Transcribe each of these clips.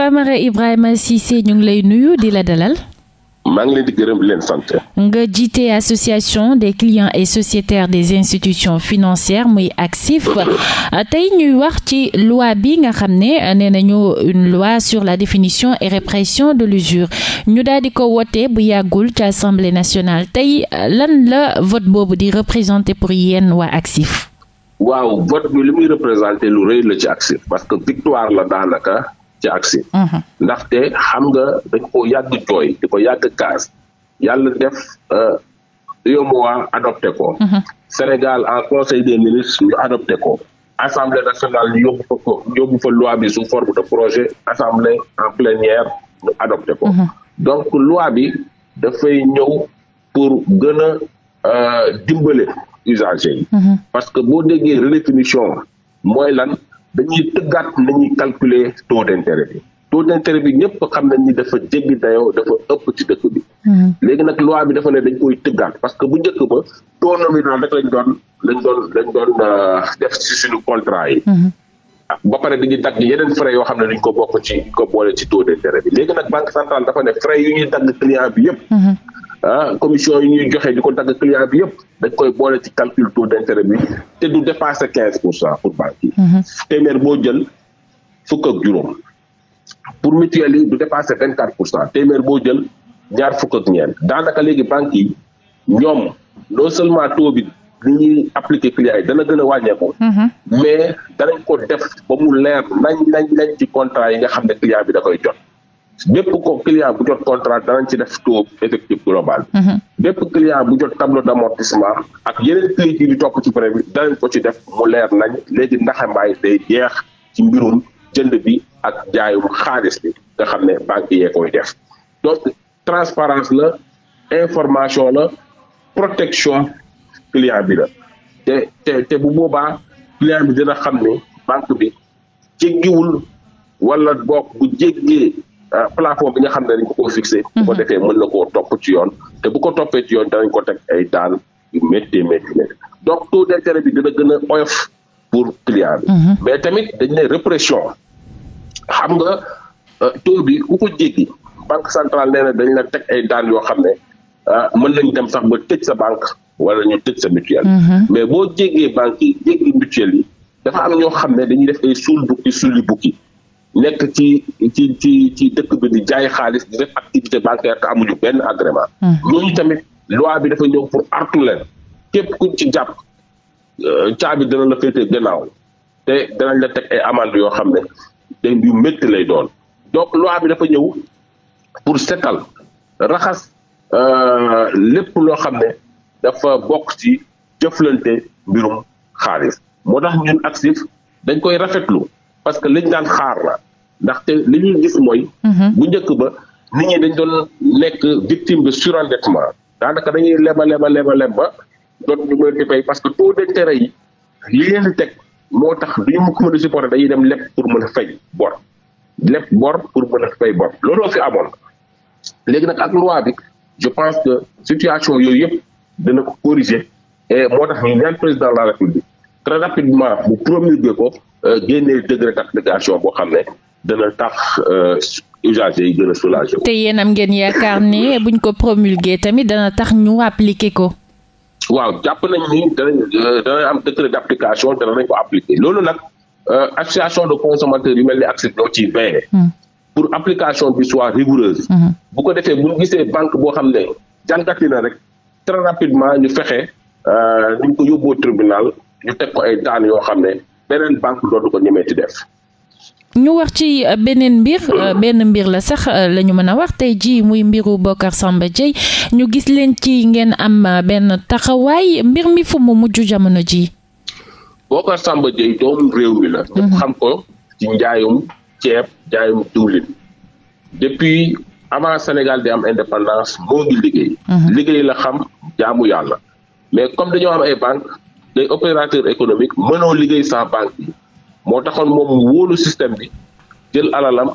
Famara Ibrahima Cissé ñu ngi lay nuyu di la dalal. nga jiite association des clients et sociétaires des institutions financières muy ACSIF tey ñuy wax ci loi bi nga xam ne nee nañu une loi sur la définition et répression de l'usure ñu daal di ko wote bu yàggul ci assemblée nationale tey lan la vote boobu di représenter pour yéen waa ACSIF. waaw vote bi li muy représenter lu rëy la ci ACSIF parce que victoire la daanaka. ci agsi mhm. ndaxte xam nga dañ ko yàgg jooy di ko yàgg kaas yàlla def yomb euh, waa ko mhm. Sénégal en conseil des ministres ñu adopté ko assemblée nationale ñu yóbbu fa ko bi sous forme de projet assemblée en plénière ñu adopté ko mhm. donc loi bi dafay ñëw pour gën a euh, dimbale usagers parce que boo déggee redéfinition mooy lan dañuy tëggaat la ñuy calculer taux d'intérêt bi taux d'intérêt bi ñëpp xam nañ ni dafa jéggi dayoo dafa ëpp ci dëkk bi. Hmm. léegi nag loi bi dafa ne dañ koy tëggaat parce que bu njëkk ba taux nominal rek lañ doon lañ doon lañ doon euh, def ci suñu contrat yi. Hmm. ba pare dañuy dagg yeneen frais yoo xam ne dañ ko bokk ci ko boole ci taux d'intérêt bi léegi nag banque centrale dafa ne frais yu ñuy dagg client bi yëpp. Hmm. ah commission yi ñuy joxe di ko dagg client bi yëpp dañ koy boole ci calcul taux d'intérêt bi te du dépasser quinze pour cent pour banque yi. Mm-hmm. téeméer boo jël fukk ak juróom. yi du dépasser pour cent téeméer boo jël ñaar fukk daanaka léegi banques yi ñoom non seulement taux bi ni ñuy appliquer client yi dana gën wàññeeku. Mm-hmm. mais danañ ko def ba mu leer nañ nañ nañ ci contrat yi nga xam ne client bi da koy jot. bépp ko bu jot contrat danañ ci def taux effectif global mhm. bépp client bu jot tableau d'amortissement ak yeneen client yi di topp ci prêt danañ ko ci def mu leer nañ léegi ndaxambaay day jeex ci mbirum jënd bi ak jaayum xaalis bi nga xam ne banque yee koy def bi la bu boobaa client bi dina xam wala boog bu jéggee Euh, plafond bi nga xam ne dañ ko koo fixé. bu ko mhm. defee mën na koo topp ci yoon. te bu ko toppee ci yoon danañ ko teg ay daan yu métti métti métti donc taux d'intérêt bi dina gën a oyof pour client bi. Mhm. mais tamit dañ ne répression xam nga euh, taux bi ku ko jéggi banque centrale nee dañ la teg ay daan yoo xam ne ah, mën nañ dem sax ba tëj sa banque wala ñu tëj sa mutuelle. Mhm. mais boo jéggee banque yi jéggi mutuelle yi dafa am ñoo xam ne dañuy def ay suul bukki suuli bukki. nekk ci ci ci ci dëkk bi di jaay xaalis di def activité bancaire te amuñu benn agrément. ñooñu hmm. tamit loi bi dafa ñëw pour artu leen képp kuñ ci jàpp euh, caabi dana la féetee gannaaw te danañ la teg ay amande yoo xam ne day métti lay doon donc loi bi dafa ñëw pour setal raxas euh, lépp loo xam ne dafa bokk ci jëflante mbirum xaalis moo tax ñun actif dañ koy rafetlu. parce que liñ daan xaar la ndaxte li ñuy gis mooy. Mhm. bu njëkk ba nit ñi dañ doon nekk victime de surendettement daanaka dañuy leba leba leba leba doon ñu mën di fay parce que taux d'intérêt yi li leen di teg moo tax du ñu ko mën a supporter dañuy dem leb pour mën a fay bor leb boor pour mën a fay bor looloo fi amoon léegi nag ak loi bi je pense que situation yooyu yëpp dana ko corriger et moo tax ñu ñaan président de la république. très rapidement mu promulgué ko euh, génnee décret d'application boo xam ne dana tax euh, usagers yi gën a soulagé te yéen am ngeen yaakaar ne buñ ko promulgué tamit dana tax ñu appliqué ko. waaw jàpp nañ ni danañ euh, danañ am décret d'application te danañ ko appliqué loolu nag association de consommateurs yu mel ni accès ñoo ciy veillé. Hmm. pour application bi soit rigoureuse. Hmm. bu ko defee bu ñu gisee banque boo xam ne jàngati na rek très rapidement ñu fexe. ni ko yóbboo tribunal ñu teg ko ay daan yoo xam ne beneen banque dootu ko ñemee di def. ñu wax ci euh, beneen mbir euh, hmm. benn mbir la sax euh, lañu mën a wax tey jii muy mbiru Bocar Samba Dièye ñu gis leen ci ngeen am benn taxawaay mbir mi fu mu mujj jamono ji Bocar Samba Dièye doomu réew mi la. ñëpp hmm. xam ko ci njaayum ceeb njaayum diwlin. depuis avant Sénégal di am indépendance moo ngi liggéey. Hmm. liggéey la xam jaamu yàlla. mais comme dañoo am ay banque day opérateur économique mënoo liggéey sans banque yi moo taxoon moom wóolu système bi jël alalam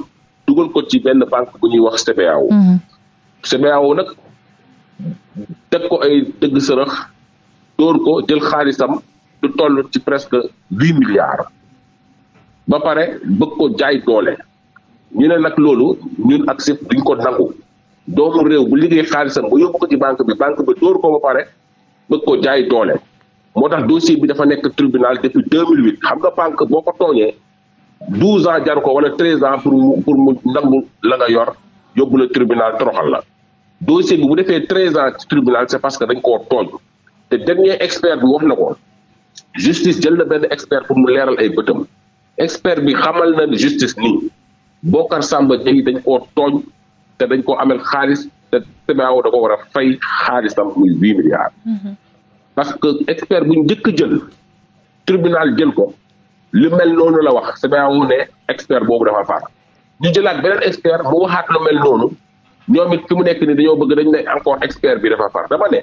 dugal ko ci benn banque bu ñuy wax CBAO. Mm-hmm. CBAO nag teg ko ay dëgg sërëx dóor ko jël xaalisam du toll ci presque huit milliards ba pare bëgg ko jaay doole ñu ne nag loolu ñun ak sëf duñ ko nangu doomu réew bu liggéey xaalisam ba yóbbu ko ci banque bi banque bi dóor ko ba pare bëgg ko jaay doole moo tax dossier bi dafa nekk tribunal depuis 2008 xam nga banque boo ko tooñee 12 ans jar ko wala 13 ans pour mu pour mu nangu la yor yóbbu la tribunal toroxal la dossier bi bu defee 13 ans ci tribunal c'est parce que dañ koo tooñ te dernier expert bi wax na ko justice jël na benn expert pour mu leeral ay bëtam expert bi xamal na justice nii Bocar Samba Dièye dañ koo tooñ te dañ koo ameel xaalis te CBAO a ko war a fay xaalisam muy 8 milliards. Mm-hmm. parce que expert bu njëkk a jël tribunal jël ko lu mel noonu la wax CEDEAO ne expert boobu dafa faar ñu jëlaat beneen expert mu waxaat lu mel noonu ñoom it fi mu nekk ni dañoo bëgg dañ ne encore expert bi dafa faar dama ne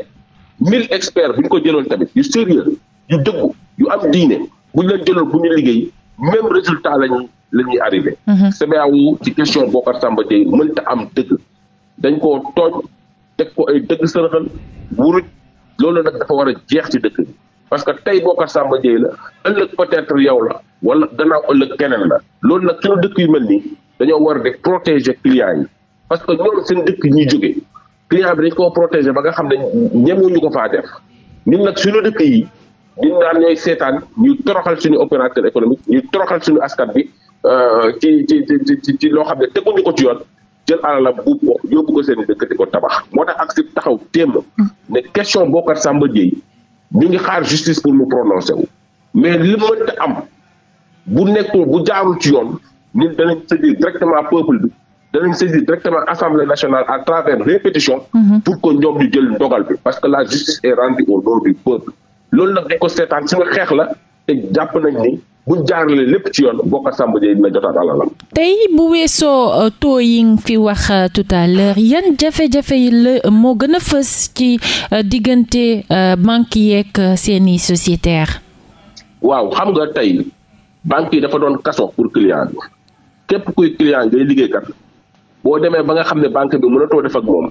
mille experts ko jëloon tamit yu sérieux yu dëggu yu am diine bu ñu leen jëloon bu ñu liggéey même résultat lañu la ñuy arrivé mhm. CEDEAO ci question Bocar Samba Dièye mënta am dëgg dañ ko tooñ teg ko ay dëgg sërëxal loolu nag dafa war a jeex ci dëkk parce que tey boo ko Samba Dieye la ëllëg peut-être yow la wala dana ëllëg keneen la loolu nag kilo dëkk yu mel nii dañoo war a def protéger client yi parce que ñoom seen dëkk ñuy jógee client bi dañ koo ba nga xam ne ñemuñu ko faa def ñun nag suñu dëkk yi ñun daan ñooy seetaan ñu toroxal suñu opérateur économique ñu toroxal suñu askan bi euh, ci ci ci ci loo xam ne teguñu ko ci yoon jël alalam bu yóbbu ko seen dëkk di ko tabax moo tax ak si taxaw téemb ne question Bocar Samba Dièye ñu ngi xaar justice pour mu prononcer wu mais li mënta am bu nekk bu jaarul ci yoon ñun danañ saisir directement peuple bi danañ saisir directement assemblée nationale à travers répétition mhm. pour que ñoom ñu jël ndogal bi parce que la justice est rendue au nom du peuple loolu nag dañ ko seetaan si nga xeex la te jàpp nañ ni buñ jaarale lépp ci yoon Bokar Samba Dièye dina jotaat alalam. tey bu weesoo euh, taux yi nga fi wax euh, tout à yan jafe-jafe yi la moo gën a fës ci euh, diggante banque yeeg seeni sociétaire waaw xam nga tey banque yi dafa doon kaso pour client bi képp kuy client ngay liggéeykat boo demee ba nga xam ne banque bi mënatoo def ak moom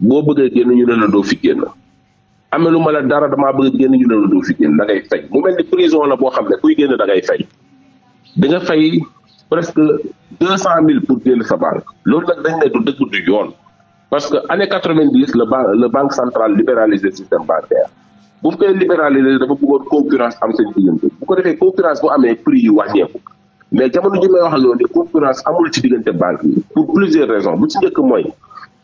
boo bëggee génn ñu ne la doo fi génn. amelu ma la dara damaa bëgg génn ñu ne la doo fi génn da ngay fay mu mel ni prison la boo xam ne kuy génn da ngay fay di presque deux cent mille pour génn sa banque loolu nag dañ ne du dëgg du yoon parce que année quatre dix le banque centrale libéralisé système bancaire bu mu koy libéraliser dafa bëggoon concurrence am seen diggante bu ko defee concurrence bu amee prix yu wàññeeku mais jamono ji wax loolu concurrence amul ci diggante banque yi pour plusieurs raisons bu ci njëkk mooy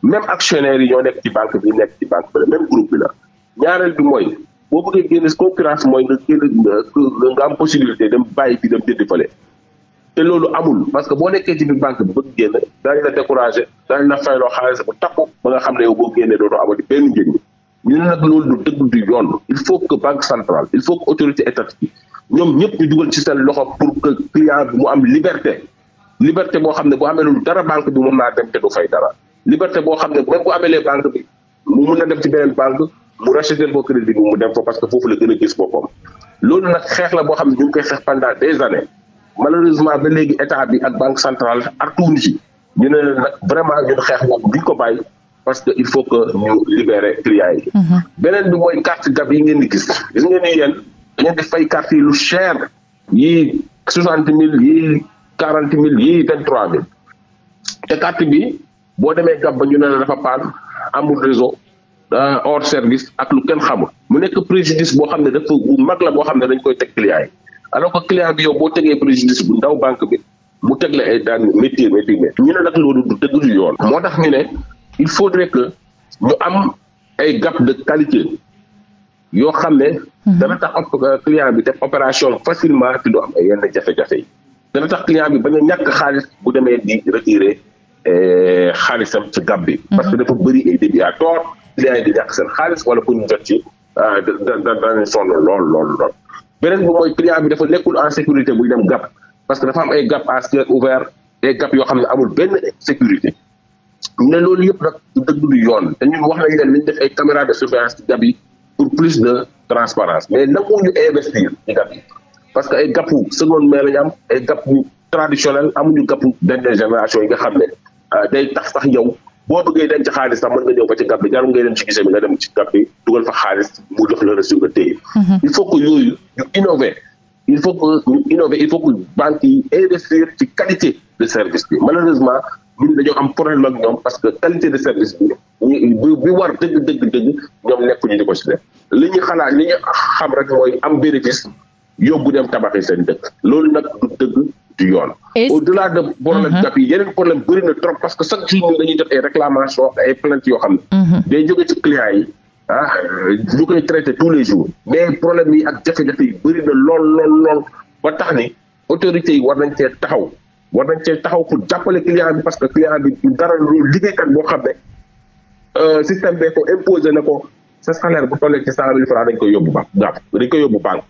même actionnaire yi ñoo nekk ci banque bi nekk ci banque ñaareel bi mooy boo bëggee génne concurrence mooy nga génn am possibilité dem bàyyi fi dem jëndi fale te loolu amul parce que boo nekkee ci biir banque bi bëgg génn daañu la découragé daañu la fayloo xaalis bu takku ba nga xam ne yow boo génnee dootoo amati benn njëriñ ñu ne nag loolu du dëgg du yoon il faut que banque centrale il faut que autorité étatique ñoom ñëpp ñu dugal ci seen loxo pour que client bi mu am liberté liberté boo xam ne bu ameelul dara banque bi mën naa dem te du fay dara liberté boo xam ne même bu ameelee banque bi mu mun na dem ci beneen banque mu racheter ko crédit bi que foofu la gën a gis boppam loolu nag xeex la boo xam ne ñu ngi koy xeex pendant des années malheureusement ba léegi état bi ak banque centrale artuwuñu ci ñu ne nag vraiment ñun xeex boobu duñ ko bàyyi parce que il faut que ñu libérer clients yi. Mhm. beneen bi mooy carte gab yi ngeen di gis gis ngeen ni yéen dañu di fay carte yi lu cher yii soixante mille yii quarante mille yii vingt trois mille te carte bi boo demee gab ba ñu ne la dafa paan amul réseau. Euh, hors service ak lu kenn xamul mu nekk préjudice boo xam ne dafa bu mag la boo xam ne dañ koy teg client yi alors que client bi yow tegee préjudice bu ndaw banque bi mu teg la ay daan ñu ne nag loolu du dëgg du yoon. moo tax ñu ne il faudrait que ñu am ay gap de qualité yoo xam ne. Mhm. dana tax euh, client bi def opération facilement te du am ay yenn jafe-jafe yi. dana tax client bi bañ a ñàkk xaalis bu demee di retirer euh, xaalisam ci gab bi. parce que mhm. dafa bëri ay débit clients yi di yàq seen xaalis wala pour ñu jot ci ah, da danañ sonn lool beneen bi mooy client bi dafa nekkul en sécurité buy dem gàpp parce que dafa am ay gàpp à ciel ouvert ay gàpp yoo xam ne amul benn sécurité ñu ne loolu yëpp rek du dëgg du yoon te ñun wax nañ leen nañ def ay caméra de surveillance ci gàpp yi pour plus de transparence mais na investir ci gàpp parce que ay gapu seconde main la ñu am ay gàppu traditionnel amuñu gàppu dernière génération yi nga xam ne ah, day tax sax yow boo bëggee denc xaalis sax mën nga ñëw ba ci ngab bi jarul ngay dem ci gise bi nga dem ci ngab bi dugal fa xaalis mu jox la reçu nga téye mhm. il faut que yooyu ñu innover il faut que ñu il faut que banques yi investir ci qualité de service bi malheureusement ñun dañoo am problème ak ñoom parce que qualité de service bi ñu bi war dëgg dëgg dëgg ñoom nekkuñu di ko si def li ñu xalaat li xam rek mooy am bénéfice yóbbu dem tabaxi seen dëkk loolu nag du dëgg du yoon. au-delà de problème cap mhm. yi yeneen problème bëri trop parce que chaque jour ñun dañuy def ay réclamations ay plaintes yoo xam ne. Mhm. day jóge ci clients yi. ah ñu traité tous les jours mais problème yi ak jafe-jafe yi bëri lool lool lool ba tax ni autorités yi war nañ cee taxaw war nañ cee taxaw pour jàppale client bi parce que client bi dara lu liggéeykat boo xam ne euh, système bee ko imposé na ko sa salaire bu tollee ci cent mille francs dañ koy yóbbu ba gàpp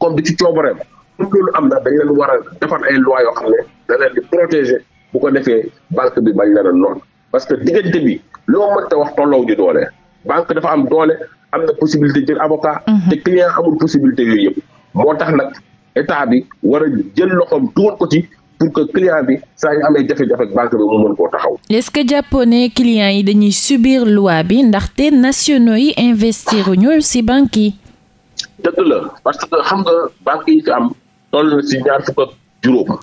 comme di ci coobareem pour loolu am na dañ leen war a defar ay loi yoo xam ne da leen di bu ko defee banque bi bañ leen a parce que diggante bi loo te wax tolloo ju doole banque dafa am doole am na possibilité jël avocat. Mhm. te client possibilité yooyu yëpp. moo tax nag état bi war a jël loxoom dugal ko ci. bi saa ñu amee jafe-jafe banque bi mu mën koo taxaw. est-ce que jàppoo ne clients yi dañuy subir loi bi ndaxte nationaux yi investir ñu ci banques yi. dëgg la parce que xam nga banque yi ci am toll na si ñaar fukk ak juróom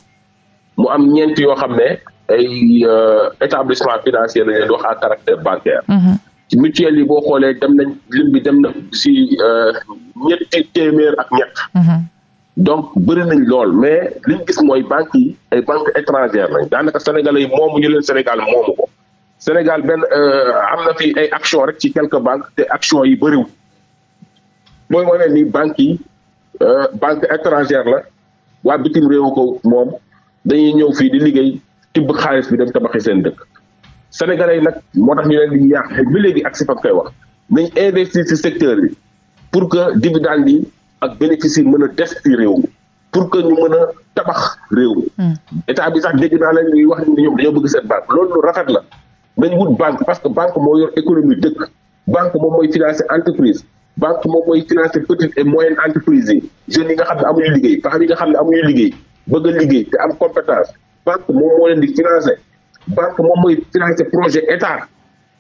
mu am ñeent yoo xam ne ay euh, établissement financier la leen wax à caractère bancaire mm-hmm. ci mutuelle yi boo xoolee dem nañ lim dem na si euh, ñetti téeméer ak ñett mm-hmm. donc bëri nañ lool mais li ñu gis mooy banques yi ay banques étrangères lañ daanaka sénégalais yi moomu ñu leen Sénégal moomu ko Sénégal benn euh, am na fi ay action rek ci quelques banques te action yi bëriwul mooy moo ne nii banques yi banque étrangère la waa bitim réew ko moom dañuy ñëw fii di liggéey tibb xaalis bi dem tabaxi seen dëkk sénégalais yi nag moo tax ñu leen di yaax ba léegi ak si fa koy wax nañ investir ci secteur bi pour que dividende yi ak bénéfice yi mën a des ci réew mi pour que ñu mën a tabax réew mi hmm. état bi sax dégg naa leen ñuy wax ni ñoom dañoo bëgg seen banque loolu lu rafet la nañ wut banque parce que banque moo yor économie dëkk banque moom mooy financer entreprise banque moom mooy financer petite et moyenne entreprise yi jeunes yi nga xam ne amuñu liggéey femmes liggéey te am compétence banque moom moo leen di financer banque moom mooy financer projet état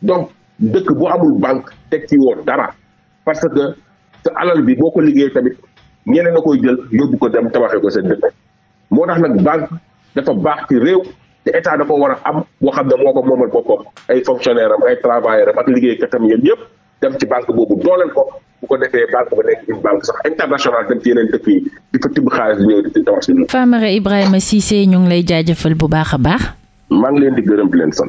donc dëkk bo amul banque teg ci woon dara parce que te alal bi boo ko liggéeyee tamit ñeneen a koy jël yóbbu ko dem tabaxee ko seen dëkk moo tax nag banque dafa baax ci réew te état dafa war a am boo xam ne moo ko moomal boppam ay fonctionnaire am ay travailleur am ak liggéeykatam yéen yëpp dem ci banque boobu dooleel ko bu ko defee banque ba nekk une banque sax internationale dem ci yeneen dëkk yi di fa tibb xaalis di ñëw di tabax suñu. Famara Ibrahima Cissé ñu ngi lay jaajëfal bu baax a baax. maa ngi leen di gërëm di leen sol